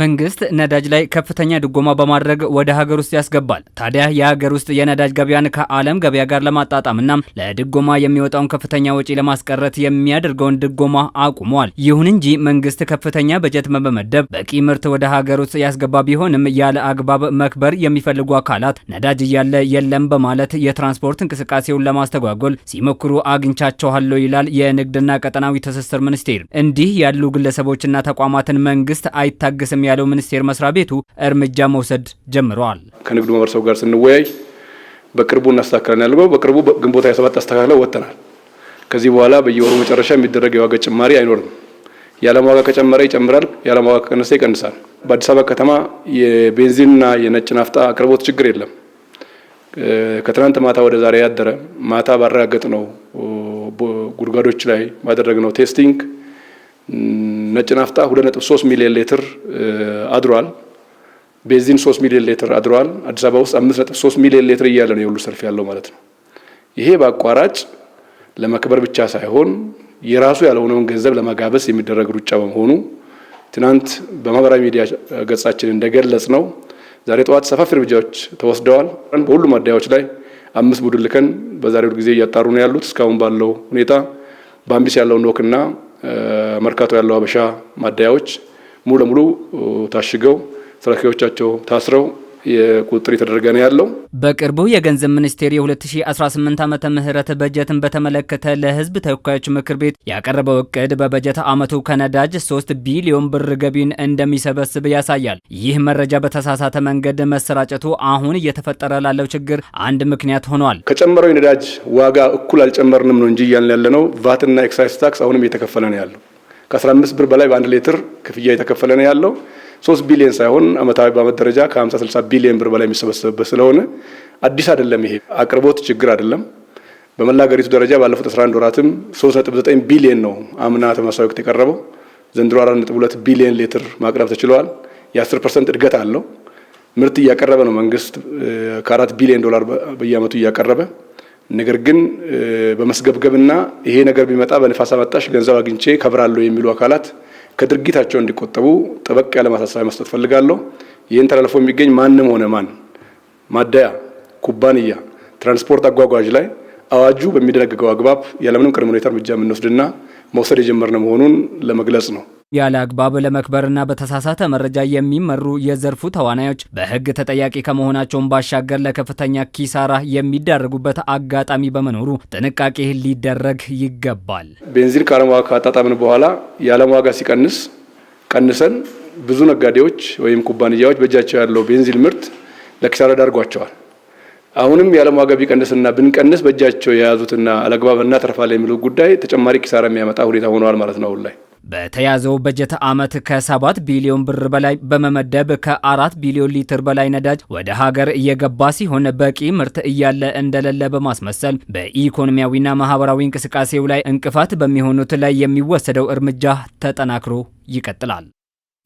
መንግስት ነዳጅ ላይ ከፍተኛ ድጎማ በማድረግ ወደ ሀገር ውስጥ ያስገባል። ታዲያ የሀገር ውስጥ የነዳጅ ገበያን ከዓለም ገበያ ጋር ለማጣጣምና ለድጎማ የሚወጣውን ከፍተኛ ወጪ ለማስቀረት የሚያደርገውን ድጎማ አቁሟል። ይሁን እንጂ መንግስት ከፍተኛ በጀት በመመደብ በቂ ምርት ወደ ሀገር ውስጥ ያስገባ ቢሆንም ያለ አግባብ መክበር የሚፈልጉ አካላት ነዳጅ እያለ የለም በማለት የትራንስፖርት እንቅስቃሴውን ለማስተጓጎል ሲሞክሩ አግኝቻቸዋለሁ ይላል የንግድና ቀጠናዊ ትስስር ሚኒስቴር። እንዲህ ያሉ ግለሰቦችና ተቋማትን መንግስት አይታግስም ስም ያለው ሚኒስቴር መስሪያ ቤቱ እርምጃ መውሰድ ጀምረዋል። ከንግዱ ማህበረሰቡ ጋር ስንወያይ በቅርቡ እናስተካክለን ያለ በቅርቡ ግንቦት 27 አስተካክለው ወጥተናል። ከዚህ በኋላ በየወሩ መጨረሻ የሚደረግ የዋጋ ጭማሪ አይኖርም። የዓለም ዋጋ ከጨመረ ይጨምራል፣ የዓለም ዋጋ ከቀነሰ ይቀንሳል። በአዲስ አበባ ከተማ የቤንዚንና የነጭ ናፍጣ አቅርቦት ችግር የለም። ከትናንት ማታ ወደ ዛሬ ያደረ ማታ ባረጋገጥ ነው ጉድጓዶች ላይ ነው ቴስቲንግ ነጭ ናፍጣ 2.3 ሚሊዮን ሊትር አድሯል። ቤንዚን 3 ሚሊዮን ሊትር አድሯል። አዲስ አበባ ውስጥ 5.3 ሚሊዮን ሊትር እያለ ነው የሁሉ ሰልፍ ያለው ማለት ነው። ይሄ በአቋራጭ ለመክበር ብቻ ሳይሆን የራሱ ያልሆነውን ገንዘብ ለመጋበስ የሚደረግ ሩጫ በመሆኑ ትናንት በማህበራዊ ሚዲያ ገጻችን እንደገለጽ ነው ዛሬ ጠዋት ሰፋፊ እርምጃዎች ተወስደዋል። በሁሉም አደያዎች ላይ አምስት ቡድን ልከን በዛሬው ጊዜ እያጣሩ ነው ያሉት። እስካሁን ባለው ሁኔታ በአምቢስ ያለውን ኖክና መርካቶ ያለው ሀበሻ ማደያዎች ሙሉ ለሙሉ ታሽገው ሰራኪዎቻቸው ታስረው የቁጥጥር የተደረገ ነው ያለው። በቅርቡ የገንዘብ ሚኒስቴር የ2018 ዓመተ ምህረት በጀትን በተመለከተ ለህዝብ ተወካዮች ምክር ቤት ያቀረበው እቅድ በበጀት ዓመቱ ከነዳጅ 3 ቢሊዮን ብር ገቢን እንደሚሰበስብ ያሳያል። ይህ መረጃ በተሳሳተ መንገድ መሰራጨቱ አሁን እየተፈጠረ ላለው ችግር አንድ ምክንያት ሆኗል። ከጨመረው የነዳጅ ዋጋ እኩል አልጨመርንም ነው እንጂ እያልን ነው። ቫትና ኤክሳይዝ ታክስ አሁንም እየተከፈለ ነው ያለው። ከ15 ብር በላይ በአንድ ሌትር ክፍያ የተከፈለ ነው ያለው። ሶስት ቢሊዮን ሳይሆን አመታዊ በአመት ደረጃ ከ50 60 ቢሊዮን ብር በላይ የሚሰበሰብበት ስለሆነ አዲስ አይደለም። ይሄ አቅርቦት ችግር አይደለም። በመላ ሀገሪቱ ደረጃ ባለፉት 11 ወራትም 3.9 ቢሊዮን ነው አምና ተመሳሳይ ወቅት የቀረበው። ዘንድሮ 4.2 ቢሊዮን ሊትር ማቅረብ ተችሏል። የ10 ፐርሰንት እድገት አለው። ምርት እያቀረበ ነው መንግስት ከአራት ቢሊዮን ዶላር በየአመቱ እያቀረበ ነገር ግን በመስገብገብና ይሄ ነገር ቢመጣ በንፋስ አመጣሽ ገንዘብ አግኝቼ ከብራለሁ የሚሉ አካላት ከድርጊታቸው እንዲቆጠቡ ጠበቅ ያለ ማሳሰቢያ መስጠት ፈልጋለሁ። ይህን ተላልፎ የሚገኝ ማንም ሆነ ማን ማደያ፣ ኩባንያ፣ ትራንስፖርት አጓጓዥ ላይ አዋጁ በሚደነግገው አግባብ ያለምንም ቅድመ ሁኔታ እርምጃ የምንወስድና መውሰድ የጀመርነ መሆኑን ለመግለጽ ነው። ያለ አግባብ ለመክበርና በተሳሳተ መረጃ የሚመሩ የዘርፉ ተዋናዮች በህግ ተጠያቂ ከመሆናቸውን ባሻገር ለከፍተኛ ኪሳራ የሚዳረጉበት አጋጣሚ በመኖሩ ጥንቃቄ ሊደረግ ይገባል። ቤንዚን ከዓለም ዋጋ ካጣጣምን በኋላ የዓለም ዋጋ ሲቀንስ ቀንሰን ብዙ ነጋዴዎች ወይም ኩባንያዎች በእጃቸው ያለው ቤንዚን ምርት ለኪሳራ ዳርጓቸዋል። አሁንም የዓለም ዋጋ ቢቀንስና ብንቀንስ በእጃቸው የያዙትና አለግባብ እናተርፋለን የሚሉት ጉዳይ ተጨማሪ ኪሳራ የሚያመጣ ሁኔታ ሆነዋል ማለት ነው አሁን ላይ። በተያዘው በጀት ዓመት ከ7 ቢሊዮን ብር በላይ በመመደብ ከ4 ቢሊዮን ሊትር በላይ ነዳጅ ወደ ሀገር እየገባ ሲሆን በቂ ምርት እያለ እንደሌለ በማስመሰል በኢኮኖሚያዊና ማህበራዊ እንቅስቃሴው ላይ እንቅፋት በሚሆኑት ላይ የሚወሰደው እርምጃ ተጠናክሮ ይቀጥላል።